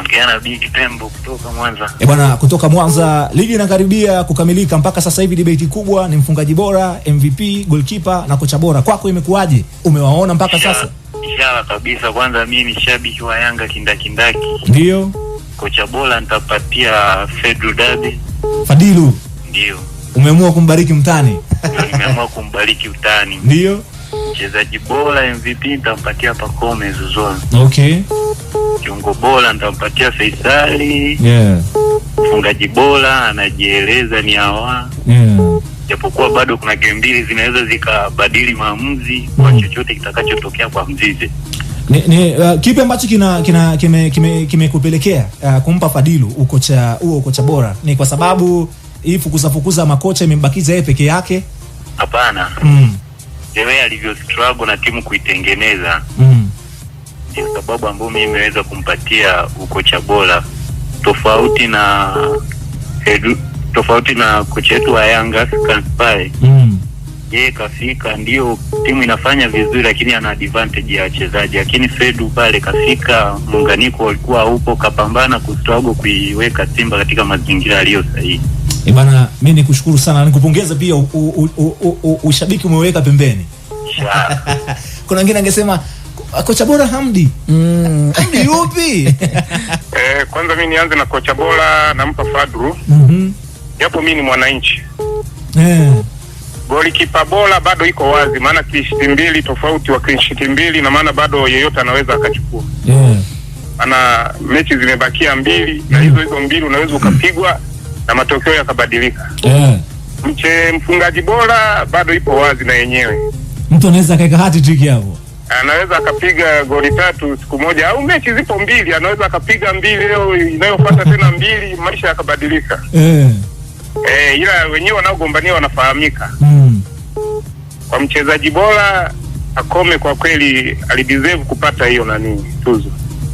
Okay, na Big kutoka Mwanza. Eh, bwana kutoka Mwanza, ligi inakaribia kukamilika mpaka sasa hivi debate kubwa ni mfungaji bora, MVP, goalkeeper na kocha bora. Kwako imekuwaje? Umewaona mpaka Isha, sasa? Ishara kabisa. Kwanza mimi ni shabiki wa Yanga kindakindaki. Ndio. Kocha bora nitapatia Fedru Dabi. Fadilu. Ndio. Umeamua kumbariki mtani? Nimeamua kumbariki utani. Ndio. Mchezaji bora MVP nitampatia Pacome Zouzoua. Okay kiungo bora nitampatia Faisali. Yeah. Mfungaji bora anajieleza ni hawa Yeah. Japokuwa bado kuna game mbili zinaweza zikabadili maamuzi kwa mm chochote kitakachotokea kwa Mzize. Ni, ni uh, kipi ambacho kina kina kimekupelekea kime, kime uh, kumpa Fadilu ukocha huo ukocha bora? Ni kwa sababu hii fukuza fukuza makocha imembakiza yeye peke yake? Hapana. Mm. Yeye alivyo struggle na timu kuitengeneza. Mm ni sababu ambayo mimi imeweza kumpatia ukocha bora tofauti na edu, tofauti na kocha wetu wa Yanga Kanspai mm. Yeye kafika ndio timu inafanya vizuri, lakini ana advantage ya wachezaji. Lakini Fedu pale kafika, muunganiko walikuwa upo, kapambana kustrago kuiweka Simba katika mazingira yaliyo sahihi. E bana, mimi nikushukuru sana, nikupongeza pia, ushabiki umeweka pembeni. Kuna wengine angesema kocha bora Hamdi. Mm. Hamdi yupi? Eh, kwanza mimi nianze na kocha bora nampa Fadru. Mhm. Mm Japo mimi ni mwananchi. Eh. Goli kipa bora bado iko wazi maana klishiti mbili tofauti wa klishiti mbili na maana bado yeyote anaweza akachukua. Yeah. Ana mechi zimebakia mbili na hizo hizo mbili unaweza ukapigwa na matokeo yakabadilika. Yeah. Mche mfungaji bora bado ipo wazi na yenyewe. Mtu anaweza kaeka hat trick hapo anaweza akapiga goli tatu siku moja, au mechi zipo mbili, anaweza akapiga mbili leo, inayofuata tena mbili, maisha yakabadilika. Eh. Eh, ila wenyewe wanaogombania wanafahamika. Mm. Kwa mchezaji bora Akome kwa kweli alideserve kupata hiyo nani tuzo.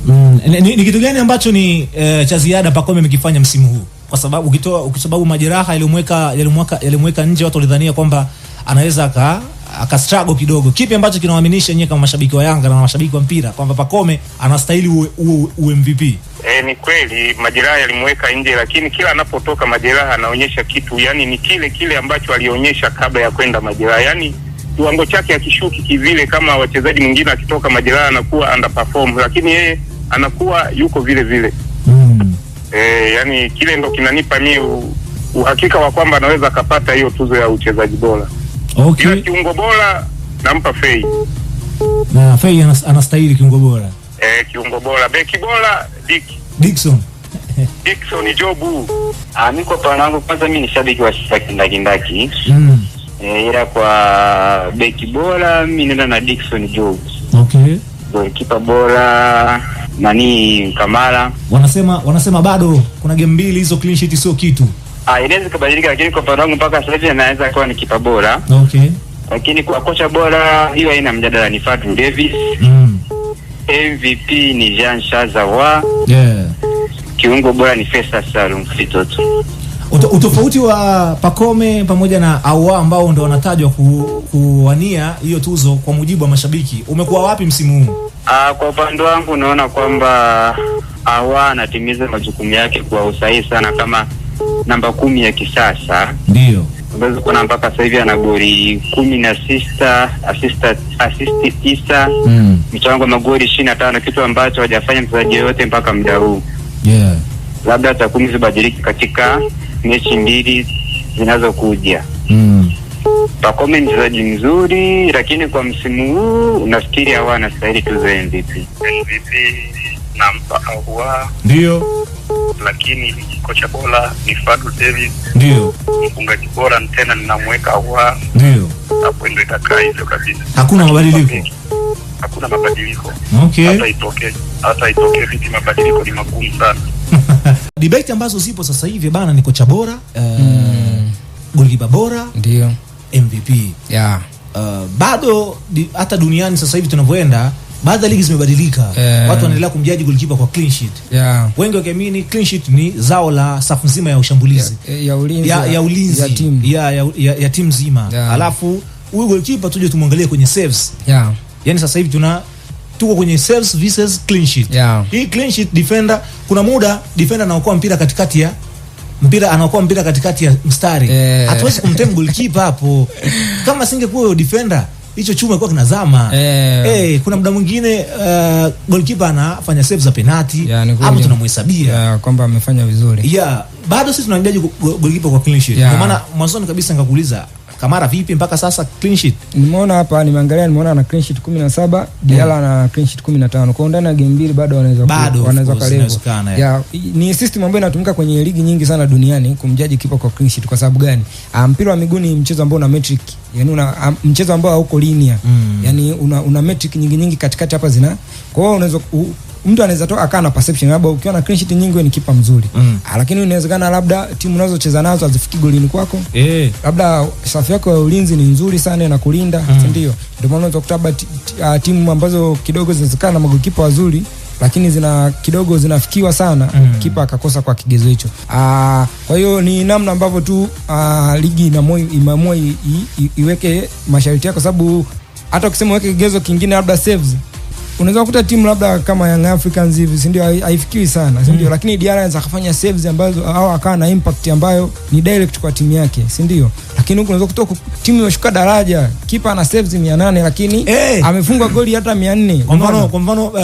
Mm. Ni, ni kitu gani ambacho ni eh, cha ziada Pakome amekifanya msimu huu? Kwa sababu ukitoa kwa sababu majeraha yalimweka yalimweka yalimweka nje, watu walidhania kwamba anaweza aka akastruggle kidogo. Kipi ambacho kinawaaminisha nyinyi kama mashabiki wa Yanga na mashabiki wa mpira kwamba Pacome anastahili uwe, uwe, uwe MVP? E, ni kweli majeraha yalimweka nje, lakini kila anapotoka majeraha anaonyesha kitu, yani ni kile kile ambacho alionyesha kabla ya kwenda majeraha, yani kiwango chake akishuki kivile kama wachezaji mwingine, akitoka majeraha anakuwa underperform, lakini yeye anakuwa yuko vile vile mm. E, yani kile ndo kinanipa mimi uhakika wa kwamba anaweza akapata hiyo tuzo ya uchezaji bora. Okay. Ila kiungo bora nampa Fei. Na Fei anas, anastahili kiungo bora. Eh, kiungo bora, beki bora Dick. Dickson. Dickson ni Jobu. Ah, mimi kwa upande wangu kwanza mimi ni shabiki wa Kindaki Ndaki. Mm. Eh, ila kwa beki bora mimi nenda na Dickson Jobu. Okay. Golikipa bora nani Kamara. Wanasema wanasema bado kuna game mbili hizo, clean sheet sio kitu. Ah, inaweza kubadilika, lakini kwa upande wangu mpaka sasa hivi anaweza kuwa ni kipa bora. Okay. Lakini kwa kocha bora hiyo haina mjadala, ni Fadlu Davis. Mm. MVP ni Jean Shazawa. Yeah. Kiungo bora ni Fesa Salum Fitoto. Utofauti wa Pacome pamoja na Awa ambao ndo wanatajwa ku, kuwania hiyo tuzo kwa mujibu wa mashabiki umekuwa wapi msimu huu? Ah, kwa upande wangu naona kwamba Awa anatimiza majukumu yake kwa usahihi sana kama namba kumi ya kisasa ndio ambazo kuna mpaka sasa hivi ana goli kumi na sita asisti tisa mchango mm. wa magoli ishirini na tano kitu ambacho hajafanya mchezaji yoyote mpaka muda huu yeah. Labda takwimu zibadiliki katika mechi mbili zinazokuja mm. Pakome mchezaji mzuri, lakini kwa msimu huu nafikiri hawa anastahili tuzo MVP. MVP nampa au ndio lakini kocha bora ni Fadlu Davis, ndio mfungaji bora tena ninamweka Ahoua, ndio hapo ndio itakaa hivyo kabisa, hakuna mabadiliko hakuna mabadiliko okay. Hata itokee hata itokee vipi, mabadiliko ni magumu sana. Debate ambazo zipo sasa hivi bana ni kocha bora uh, eh, mm. golikipa bora ndio MVP yeah. Uh, bado hata duniani sasa hivi tunavyoenda baadhi ya ligi zimebadilika yeah. Watu wanaendelea kumjaji golikipa kwa clean sheet yeah. Wengi wakiamini clean sheet ni zao la safu nzima ya ushambulizi ya ya, ya, ulinzi, ya timu ya, ya, ya, ya timu nzima yeah. Alafu huyu golikipa tuje tumwangalie kwenye saves yeah. Yani sasa hivi tuna tuko kwenye saves versus clean sheet yeah. Hii clean sheet defender, kuna muda defender anaokoa mpira katikati ya mpira anaokoa mpira katikati ya mstari yeah. Hatuwezi kumtem golikipa hapo kama singekuwa defender hicho chuma kwa kinazama eh, hey, eh, kuna muda mwingine uh, goalkeeper anafanya save za penalti yani, hapo tunamhesabia yeah, kwamba amefanya vizuri yeah, bado sisi tunamjaji goalkeeper kwa clean sheet yeah. Kwa maana mwanzoni kabisa nikakuuliza Kamara vipi mpaka sasa clean sheet? Nimeona hapa nimeangalia nimeona ana clean sheet 17, Diala mm. ana clean sheet 15. Kwa hiyo ndani ya game mbili bado wanaweza bado wanaweza kalevo. Yeah. yeah. Ni system ambayo inatumika kwenye ligi nyingi sana duniani kumjaji kipa kwa clean sheet kwa sababu gani? Ah, mpira wa miguu ni mchezo ambao una metric. Yaani una ah, mchezo ambao hauko linear. Mm. Yaani una, una metric nyingi nyingi katikati hapa zina. Kwa hiyo unaweza mtu anaweza toka akawa na perception labda ukiwa na clean sheet nyingi wewe ni kipa mzuri mm. Ah, lakini inawezekana labda timu unazocheza nazo hazifiki golini kwako eh. labda safu yako ya ulinzi ni nzuri sana na kulinda mm. ndio ndio maana unaweza kutaba uh, ah, timu ambazo kidogo zinazokana na magolikipa wazuri lakini zina kidogo zinafikiwa sana mm. kipa akakosa kwa kigezo hicho. Ah, kwa hiyo ni namna ambavyo tu aa, ligi imeamua iweke masharti yake, kwa sababu hata ukisema uweke kigezo kingine labda saves unaweza kukuta timu labda kama Young Africans hivi, si ndio? Haifikiwi sana, si ndio? Mm. Lakini Diarra anaweza kufanya saves ambazo au akawa na impact ambayo ni direct kwa timu yake, si ndio? Lakini huko unaweza kukuta timu imeshuka daraja, kipa ana saves 800 lakini hey, eh! amefunga goli hata 400. Kwa mfano kwa mfano uh,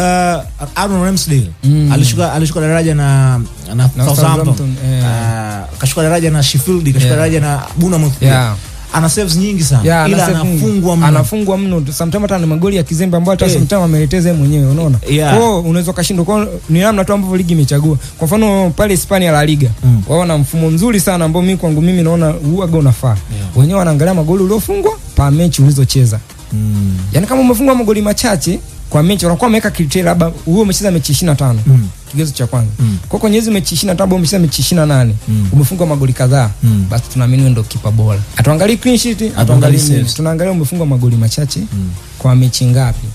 Aaron Ramsdale mm. alishuka alishuka daraja na na, na Southampton, Southampton eh. Uh, kashuka daraja na Sheffield, kashuka yeah. daraja na Bournemouth. Yeah ana saves nyingi sana yeah, ila anafungwa mno, anafungwa mno sometimes hata na magoli ya kizembe ambayo hata hey, eh. sometimes ameleteza yeye mwenyewe unaona yeah. Kwa hiyo unaweza kashindwa, kwa ni namna tu ambavyo ligi imechagua. Kwa mfano pale Hispania La Liga mm, wao wana mfumo mzuri sana ambao mimi kwangu mimi naona huwa huaga unafaa yeah. Wenyewe wanaangalia magoli uliofungwa pa mechi ulizocheza mm, yani kama umefungwa magoli machache kwa mechi, unakuwa wameweka kriteria labda huo umecheza mechi 25 mm kigezo cha kwanza mm. kwa kwenye hizi mechi 25 bomba sasa mechi 28 mm. umefunga magoli kadhaa mm. basi tunaamini ndo ndio kipa bora atuangalie clean sheet atuangalie tunaangalia umefunga magoli machache mm. kwa mechi ngapi